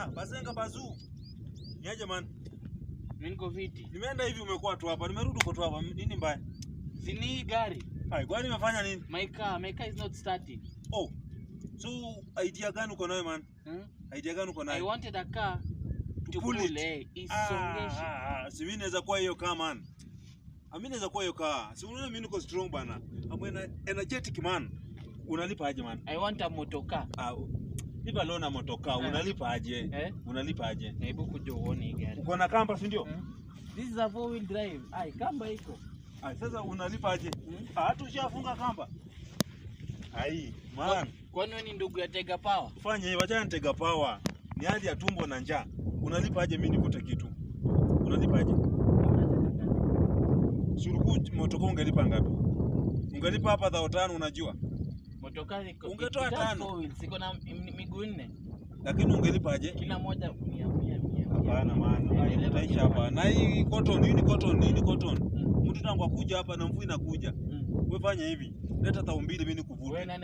Ah, bazenga bazu. Ya jamani. Mimi niko viti. Nimeenda hivi umekuwa tu hapa. Nimerudi kwa tu hapa. Nini mbaya? Sini gari. Hai, gari imefanya nini? My car, my car is not starting. Oh. So idea gani uko nayo man? Hmm? Idea gani uko nayo? I wanted a car to pull it. Eh, isongeshe. Ah, ah, si mimi naweza kuwa hiyo car man. Ah, mimi naweza kuwa hiyo car. Si unaona mimi niko strong bana. I'm energetic man. Unalipa aje man? I want a motor car. Ah, unalipa loan na motoka eh. unalipa aje? Eh? Unalipa aje? Hebu kuja uone gari. Uko na kamba si ndio? Eh? This is a four wheel drive. Ai, kamba iko. Ai, sasa unalipa aje? Hmm? Ah, Hata ushafunga kamba. Ai, man. Kwa wewe ni ndugu ya Tega Power? Fanya hivi, acha Tega Power. Ni hali ya tumbo na njaa. Unalipa aje mimi nikute kitu? Unalipa aje? Surukuti motoka ungelipa ngapi? Ungelipa hapa dhao tano unajua? Motokari ungetoa tano, siko na miguu nne, lakini ungelipaje kila moja? mia mia Hapana maana utaisha hapa na hii cotton. Hii ni cotton, hii ni cotton. Mm. Mtu tangu akuja hapa na mvua inakuja, mm. wewe fanya hivi, leta tau mimi nikuvuta.